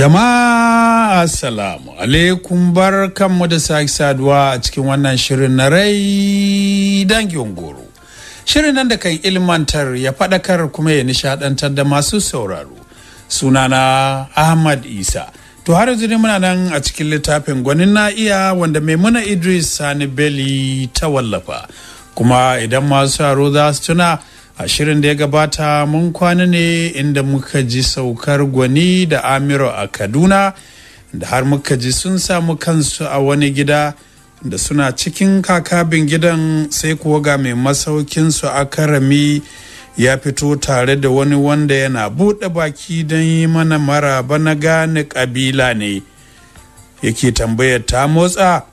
Jama'a Assalamu alaikum bar kanmu da sake saduwa a cikin wannan shirin na rai dangin goro. Shirin nan da kan ilmantar ya fadakar kuma ya nishadantar da masu sauraro. Sunana Ahmad Isa. To har yanzu muna nan a cikin littafin gwanin na iya wanda Maimuna Idris Sani beli ta wallafa. Kuma idan masu saro za su tuna a shirin da ya gabata mun kwana ne inda muka ji saukar gwani da amiro a kaduna da har muka ji sun samu kansu a wani gida da suna cikin kakabin gidan sai kuwa ga mai masaukinsu a karami ya fito tare da wani wanda yana buɗe baki don yi mana maraba na gane ƙabila ne yake tambayar ta motsa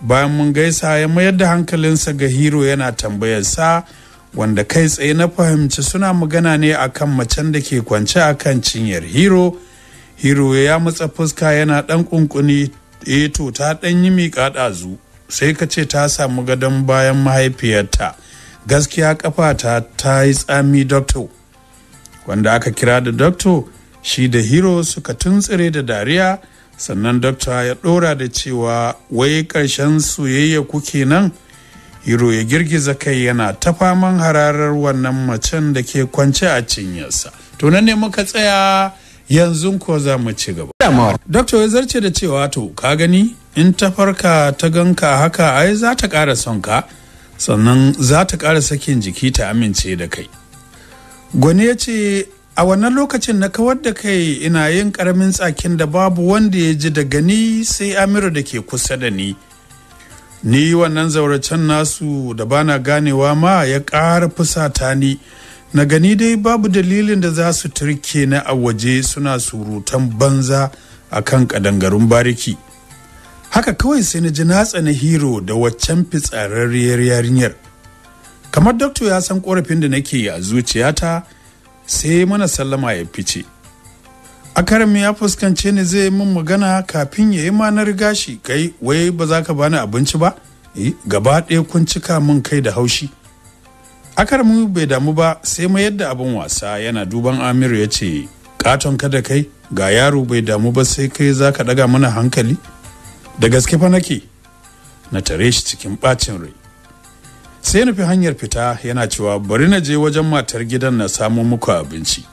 bayan mun gaisa ya mayar da hankalinsa ga hiro yana tambayarsa sa wanda kai tsaye na fahimci suna magana ne akan macen da ke kwance akan cinyar hero hero ya matsa fuska yana dan kunkuni eto eh to ta dan yi miƙa ɗazu sai ka ce ta samu gadon bayan mahaifiyarta gaskiya kafata ta yi tsami doctor wanda aka kira da doctor shi da hero suka tuntsire da dariya sannan doctor ya ɗora da cewa wai ƙarshen soyayya kuke nan Iro ya girgiza kai yana ta faman hararar wannan macen da ke kwance a cinyarsa. To nan ne muka tsaya yanzu ko za mu ci gaba. Dokta ya zarce da cewa to ka gani in ta farka ta ganka haka ai za ta ƙara son ka sannan za ta ƙara sakin jiki ta amince da kai. Gwani ya ce a wannan lokacin na kawar da kai ina yin ƙaramin tsakin da babu wanda ya ji daga ni sai Amiru da ke kusa da ni. ni wannan zauracen nasu da bana ganewa ma ya ƙara fusata ni na gani dai babu dalilin da za su turke na a waje suna surutan banza a kan ƙadangarun bariki haka kawai sai na ji natsa na hero da waccan fitsararriyar yarinyar kamar dokto ya san korafin da nake a zuciyata sai mana sallama ya fice akarami ya fuskance ni zai mun magana kafin ya yi ma na riga shi kai wai ba za ka bani abinci ba eh, gaba ɗaya kun cika min kai da haushi akaram bai damu ba sai mai yadda abin wasa yana duban amiru ya ce katon da kai ga yaro bai damu ba sai kai za ka ɗaga mana hankali da gaske fa nake na tare shi cikin ɓacin rai sai nufi hanyar fita yana cewa bari na je wajen matar gidan na samo muku abinci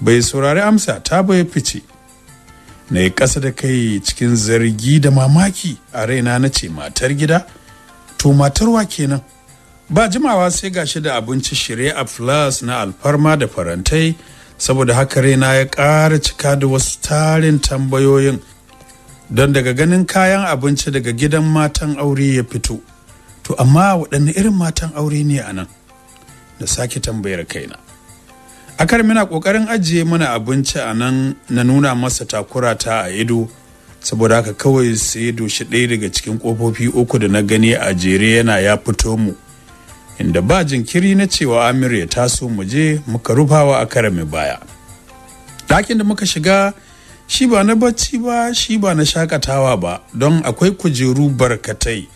bai saurari amsa ta bai fice na yi ƙasa da kai cikin zargi da mamaki a raina na ce matar gida to matarwa kenan ba jimawa sai gashi da abinci shirye a flas na alfarma da farantai saboda haka raina ya ƙara cika da wasu tarin tambayoyin don daga ganin kayan abinci daga gidan matan aure ya fito to amma waɗanne irin matan aure ne a nan da sake tambayar kaina a kar muna kokarin ajiye mana abinci a nan na nuna masa takura ta a ido saboda haka kawai sai doshi ɗaya daga cikin kofofi uku da na gani a jere yana ya fito mu inda ba jinkiri na cewa amir ya taso mu je muka rufawa a karami baya dakin da muka shiga shi ba na bacci ba shi ba na shakatawa ba don akwai kujeru barkatai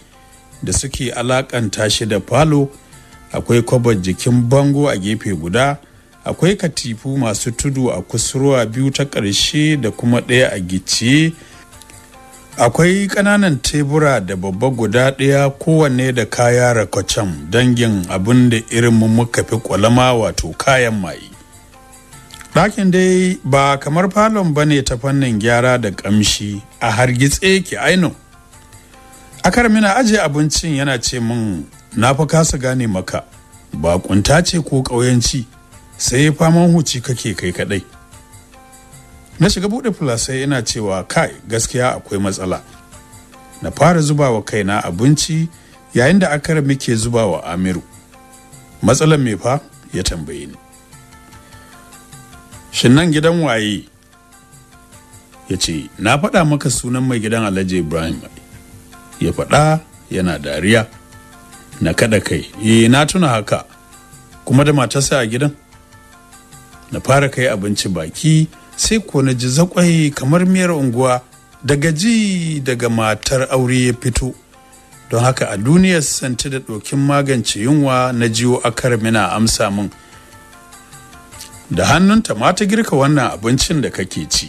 da suke alakanta shi da falo akwai kwabar jikin bango a gefe guda akwai katifu masu tudu a kusurwa biyu ta ƙarshe da kuma ɗaya a gici akwai ƙananan tebura da babba guda ɗaya kowanne da kaya rakwacam dangin abin da irin muka fi ƙwalama wato kayan maye ɗakin dai ba kamar falon ba ne ta fannin gyara da ƙamshi a hargitse ki aino a karmina ajiye abincin yana ce min na fi kasa gane maka ba ƙunta ce ko ƙauyenci. sai faman huci kake kai kadai na shiga bude sai ina cewa kai gaskiya akwai matsala na fara zuba wa kaina abinci yayin da akara muke zuba wa amiru matsalan me fa ya tambaye ni shin nan gidan waye ya ce na faɗa maka sunan mai gidan alhaji ibrahim ya faɗa yana dariya na kada kai eh na tuna haka kuma da matarsa a gidan na fara kai abinci baki sai ko na ji zakwai kamar miyar unguwa daga ji daga matar aure ya fito don haka a duniyar santi da ɗokin magance yunwa na jiwo akar mina amsa min da hannunta ma ta girka wannan abincin da kake ci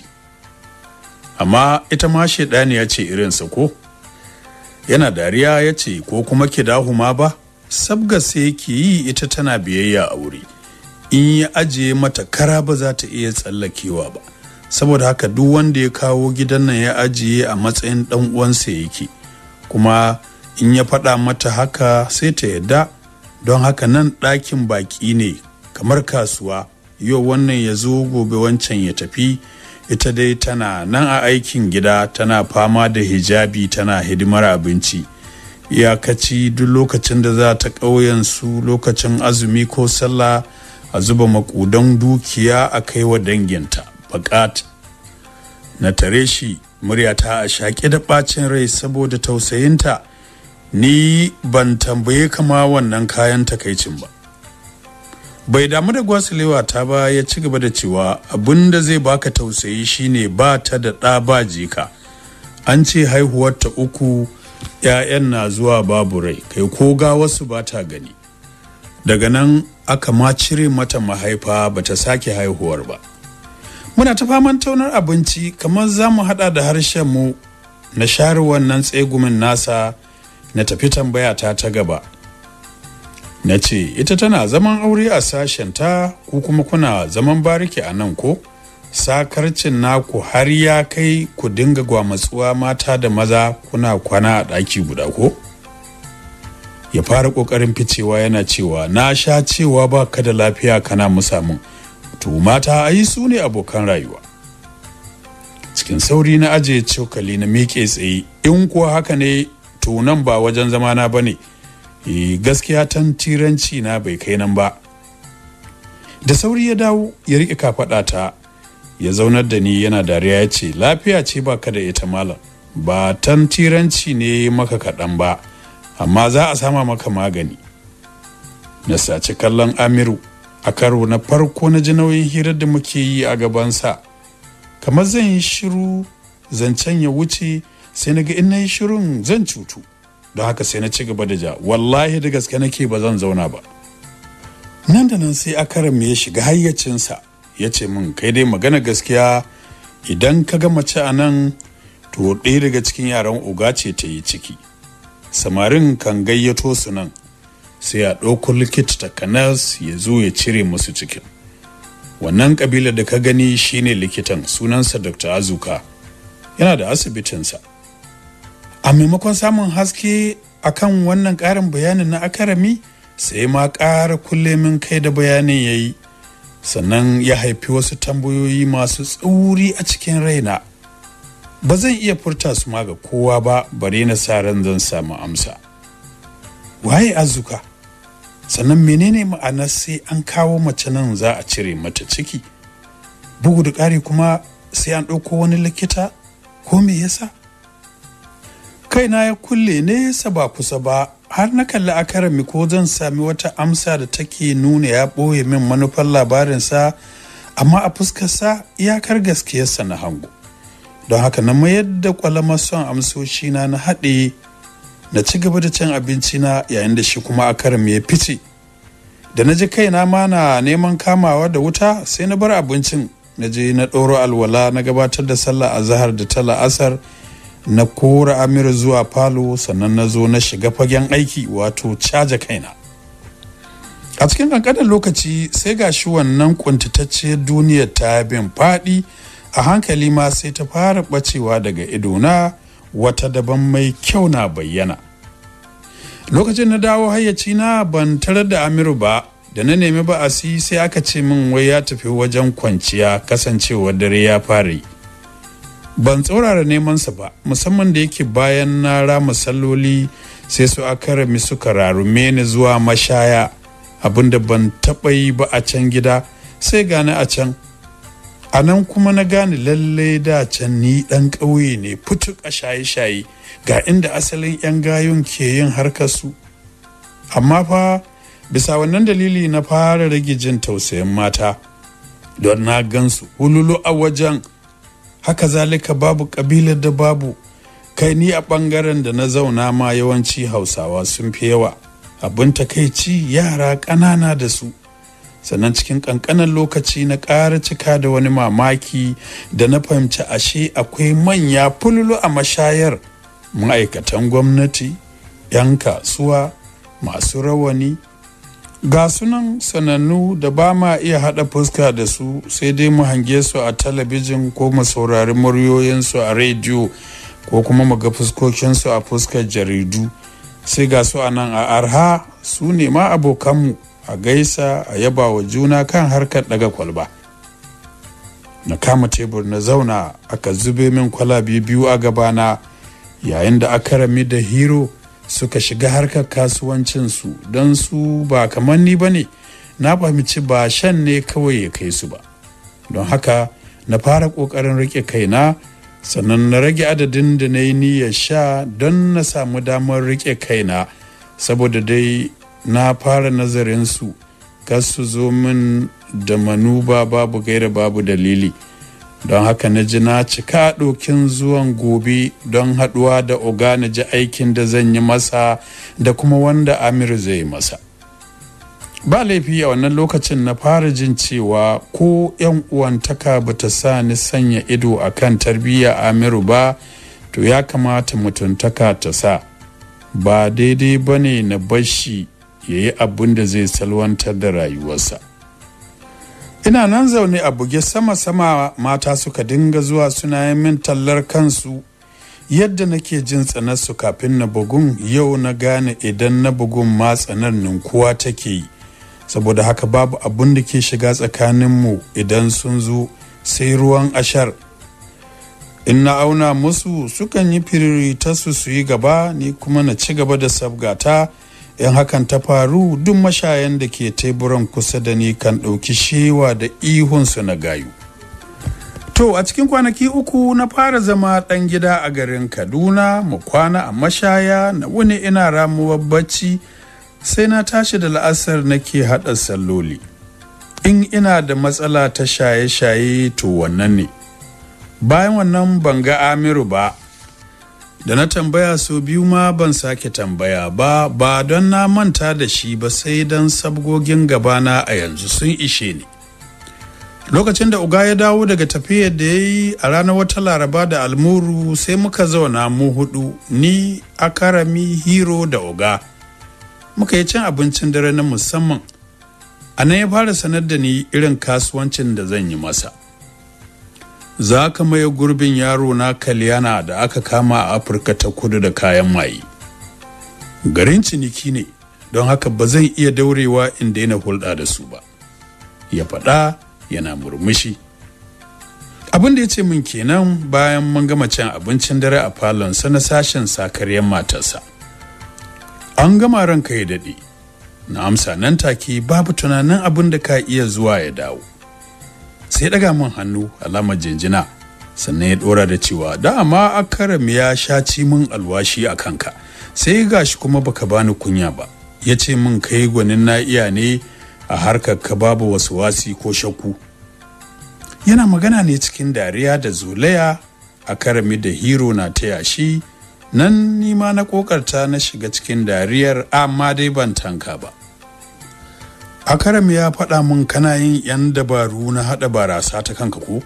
amma ita ma ya ce irinsa ko yana dariya ya ce ko kuma ki dahu ba sabga sai ke yi ita tana biyayya a wuri in ya ajiye mata kara ba za ta iya tsallakewa ba saboda haka duk wanda ya kawo gidan nan ya ajiye a matsayin dan uwansa yake kuma in ya faɗa mata haka sai ta yadda don haka nan ɗakin baƙi ne kamar kasuwa yau wannan ya zo gobe wancan ya tafi ita dai tana nan a aikin gida tana fama da hijabi tana hidimar abinci iyakaci duk lokacin da za ta ƙauyen su lokacin azumi ko sallah a zuba makudan dukiya a kai wa danginta bakat na tare shi muryata a shaƙe da ɓacin rai saboda tausayinta ni ban tambaye kama wannan kayan takaicin ba bai damu da gwasilewa ta ba ya ci gaba da cewa abinda zai baka tausayi shine ba ta da ɗa ba jika an ce haihuwar ta uku 'ya'yan na zuwa babu rai kai ko ga wasu ba ta gani daga nan aka ma cire mata mahaifa ba ta sake haihuwar ba muna ta faman taunar abinci kamar za mu haɗa da harshen mu na share wannan tsegumin nasa na tafi tambaya ta ta gaba na ce ita tana zaman aure a sashen ta ku kuma kuna zaman bariki a nan ko sakarcin naku har ya kai ku dinga gwamatsuwa mata da maza kuna kwana a ɗaki guda ko ya fara kokarin ficewa yana cewa na sha cewa ba ka da lafiya kana musamin to mata ai su ne abokan rayuwa cikin sauri na ajiye cokali na miƙe tsaye in kuwa haka ne to nan ba wajen zamana ba ne e, gaskiya tan tiranci na bai kai nan ba da sauri ya dawo ya riƙe kafaɗa ta ya zaunar da ni yana dariya ya ce lafiya ce ba ka da ita malam ba tan tiranci ne maka kaɗan ba amma za a sama maka magani na sace kallon amiru a karo na farko na ji nauyin hirar da muke yi a gabansa kamar zan yi shiru zancen ya wuce sai na ga in na yi shirin zan cutu don haka sai na ci gaba da ja wallahi da gaske nake ba zan zauna ba nan da nan sai akaram ya shiga hayyacinsa ya ce min kai dai magana gaskiya idan ka ga mace a nan to ɗaya daga cikin yaran uga ce ta yi ciki samarin kan gayyato su nan sai a ɗauko likita ta kanas ya zo ya cire musu cikin wannan ƙabilar da ka gani shine likitan sunansa dr azuka yana da asibitinsa a maimakon samun haske akan wannan ƙarin bayanin na akarami sai ma ƙara kullemin kai da bayanin ya yi sannan ya haifi wasu tambayoyi masu tsauri a cikin raina ba zan iya furta su ma ga kowa ba bare na sa ran zan samu amsa waye azuka sannan menene ma'anar sai an kawo mace nan za a cire mata ciki bugu da ƙari kuma sai an ɗauko wani likita ko me yasa kaina ya kulle nesa ba kusa ba har na kalli akarami ko zan sami wata amsa da take nuna ya ɓoye min manufar labarinsa amma a fuskarsa iyakar gaskiyarsa na hango don haka na mayar da kwalamar son amsoshi na na haɗe na ci gaba da cin abinci na yayin da shi kuma a karin ya fice da na ji kaina ma na neman kamawa da wuta sai na bar abincin na je na ɗoro alwala na gabatar da sallah a zahar da ta la'asar na kora amir zuwa falo sannan na zo na shiga fagen aiki wato caja kaina a cikin ƙanƙanin lokaci sai ga shi wannan ƙuntatacciyar duniyar ta bin faɗi a hankali ma sai ta fara bacewa daga idona wata daban mai kyau na bayyana lokacin na dawo hayyaci na ban tarar da amiru ba da na nemi si sai aka ce min wai ya tafi wajen kwanciya kasancewar dare ya fare ban tsaurara nemansa ba musamman da yake bayan na rama salloli sai su aka rami suka rarume ni zuwa mashaya abinda ban taɓa yi ba a can gida sai gane a can a nan kuma na gane lalle da can ni dan ƙauye ne fituk a shaye-shaye ga inda asalin 'yan gayun ke yin harkar su amma fa bisa wannan dalili na fara rage jin tausayin mata don na gansu hululu a wajen haka zalika babu ƙabilar da babu kai ni a ɓangaren da na zauna ma yawanci hausawa sun fi yawa abin takaici yara ƙanana da su sannan cikin kankanan lokaci na ƙara cika da wani mamaki da na fahimci ashe akwai manya fululu a mashayar ma'aikatan gwamnati 'yan kasuwa masu rawani ga sunan sanannu da ba ma iya haɗa fuska da su sai dai mu hange su a talabijin ko mu saurari muryoyinsu a rediyo ko kuma mu ga fuskokinsu a fuskar jaridu sai ga su a nan a arha su ne ma abokanmu a gaisa a yaba wa juna kan harkar daga kwalba na kama tebur na zauna aka zube min kwalabi biyu a gabana yayin da aka rami da hero suka shiga harkar kasuwancinsu don su ba kamar ni ba ne na fahimci ba shan ne kawai ya kai su ba don haka na fara ƙoƙarin rike kaina sannan na rage adadin da na yi niyyar sha don na samu damar rike kaina saboda dai na fara nazarin su kas su zo min da manuba babu gaira babu dalili don haka na ji na cika ɗokin zuwan gobe don haɗuwa da oga na ji aikin da zan yi masa da kuma wanda amir zai masa ba laifi a wannan lokacin na fara jin cewa ko 'yan uwantaka ba ta sa ni sanya ido a kan tarbiyya amiru ba to ya kamata mutuntaka ta sa ba daidai ba ne na bashi ya yi abin da zai salwantar da rayuwarsa ina nan zaune a buge sama-sama mata suka dinga zuwa suna yi min tallar kansu yadda nake jin tsanarsu kafin na bugun yau na gane idan na bugun ma tsanar ninkuwa take yi saboda haka babu abun da ke shiga tsakaninmu idan sun zo sai ruwan ashar in na auna musu sukan yi firiri ta su su yi gaba ni kuma na ci gaba da sabgata in hakan ta faru duk mashayan da ke teburan kusa da ni kan ɗauki shewa da ihunsu na gayu to a cikin kwanaki uku na fara zama ɗan gida a garin kaduna mu kwana a mashaya na wuni ina ramuwar bacci sai na tashi da la'asar nake haɗa salloli in ina da matsala ta shaye-shaye to wannan ne bayan wannan ban ga amiru ba da na tambaya sau biyu ma ban sake tambaya ba ba don na manta da shi ba sai don sabgogin gabana a yanzu sun ishe ni lokacin da uga ya dawo daga tafiyar da ya yi a ranar wata laraba da almuru sai muka zauna mu hudu ni akarami hiro da uga muka yi cin abincin dare na musamman a nan ya fara sanar da ni irin kasuwancin da zan yi masa za ka maye gurbin yaro na kalyana da aka kama a afirka ta kudu da kayan maye garin ciniki ne don haka ba zan iya daurewa in daina hulɗa da su ba ya faɗa yana murmushi abin da ya ce min kenan bayan mun gama cin abincin dare a falonsa na sashen sakariyar matarsa an gama ranka ya daɗe na amsa nan take babu tunanin abin da ka iya zuwa ya dawo sai ɗaga min hannu alama jinjina sannan ya ɗora da cewa dama akaram ya shaci min alwashi a kanka sai gashi kuma baka bani kunya ba ya ce min kai gwanin na iya ne a harkar ka babu wasu wasi ko shakku yana magana ne cikin dariya da zolaya a karami da hero na ta yashi nan nima na kokarta na shiga cikin dariyar amma dai ban tanka ba akaram ya faɗa mun kana yin 'yan dabaru na haɗa barasa ta kanka ko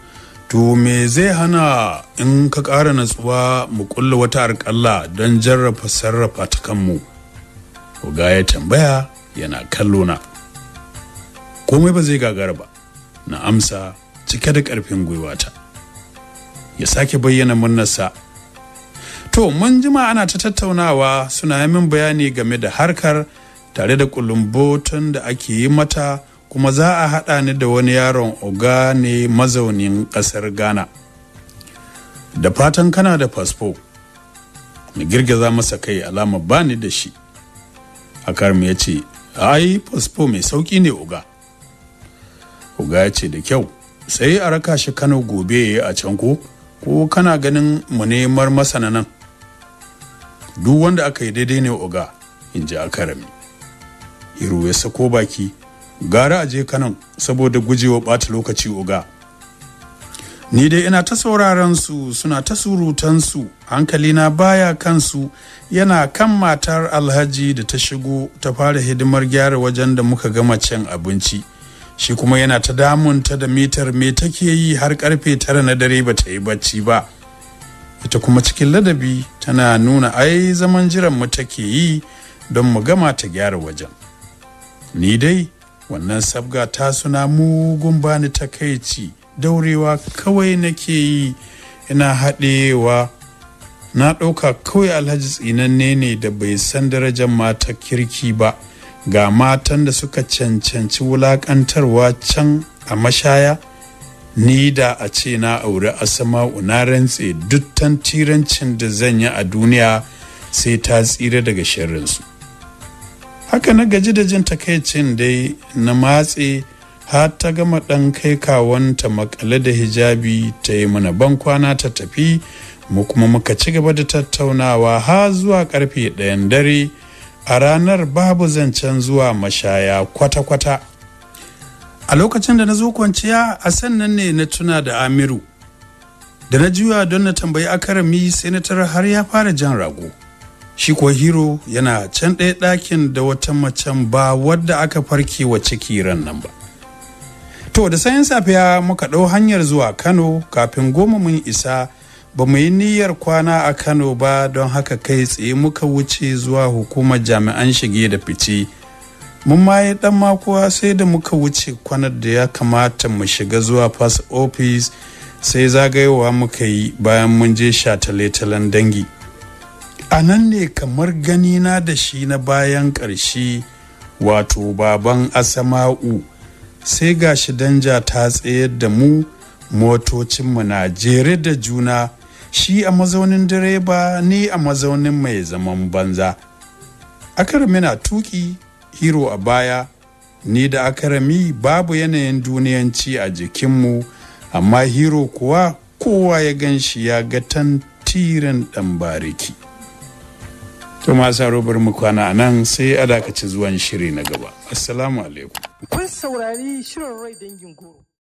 to me zai hana in ka ƙara natsuwa mu ƙulla wata alƙalla don jarrafa sarrafa ta kanmu ga ya tambaya yana kallo na komai ba zai gagara ba na amsa cike da ƙarfin gwiwata ya sake bayyana munnarsa to mun jima ana ta tattaunawa suna yi min bayani game da harkar tare da kulumbotan da ake yi mata kuma za a haɗa ni da wani yaron oga ne mazaunin ƙasar ghana da fatan kana da fasfo na girgiza masa kai alama bani da shi akarmi ya ce ai fasfo mai sauƙi ne oga oga ya ce da kyau sai a raka shi kano gobe a can ko ko kana ganin mu nemar masana nan duk wanda aka yi daidai ne oga in ji akarami iru ya sako baki gara a je kanan saboda gujewa bata lokaci uga ni dai ina ta sauraron su suna ta surutan su hankalina baya kansu yana kan matar alhaji da ta shigo ta fara hidimar gyara wajen da muka gama cin abinci shi kuma yana ta damun ta da mitar me take yi har karfe tara na dare ba ta yi bacci ba ita kuma cikin ladabi tana nuna ai zaman jiran mu take yi don mu gama ta gyara wajen ni dai wannan sabga ta suna mugun bani takaici daurewa kawai nake yi ina haɗewa na ɗauka kawai alhaji tsinanne ne da bai san darajar mata kirki ba ga matan da suka cancanci wulaƙantarwa can a mashaya ni da a ce na auri asama'u na rantse duk tirancin da zan yi a duniya sai ta tsira daga sharrinsu. haka na gaji da jin takaicin dai na matse har ta gama ɗan kai kawanta makale da hijabi ta yi mana ban kwana ta tafi mu kuma muka ci gaba da tattaunawa ha zuwa karfe ɗayan dare a ranar babu zancen zuwa mashaya kwata-kwata a lokacin da na zo kwanciya a sannan ne na tuna da amiru da na juya don na tambayi akarami sai na tara har ya fara jan rago shi kuwa hero yana can ɗaya ɗakin da wata macen ba wadda aka farke wa ciki ran nan ba to da sayan safiya muka ɗau hanyar zuwa kano kafin goma mun isa ba mu yi niyyar kwana a kano ba don haka kai tsaye muka wuce zuwa hukumar jami'an shige da fice mun ma yi ɗan makuwa sai da muka wuce kwanar da ya kamata mu shiga zuwa pass office sai zagayowa muka yi bayan mun je shataletalen dangi a nan ne kamar ganina da shi na bayan ƙarshe wato baban asama'u sai ga shi danja ta tsayar da mu motocinmu na jere da juna shi a mazaunin direba ni a mazaunin mai zaman banza akarami na tuki hero a baya ni da akarami babu yanayin duniyanci a jikinmu amma hero kuwa kowa ya gan shi ya ga tantirin ɗan bariki To masu robar mu kwana nan sai a dakaci zuwan shiri na gaba. Assalamu alaikum. Kun saurari shirin rai dangin goro.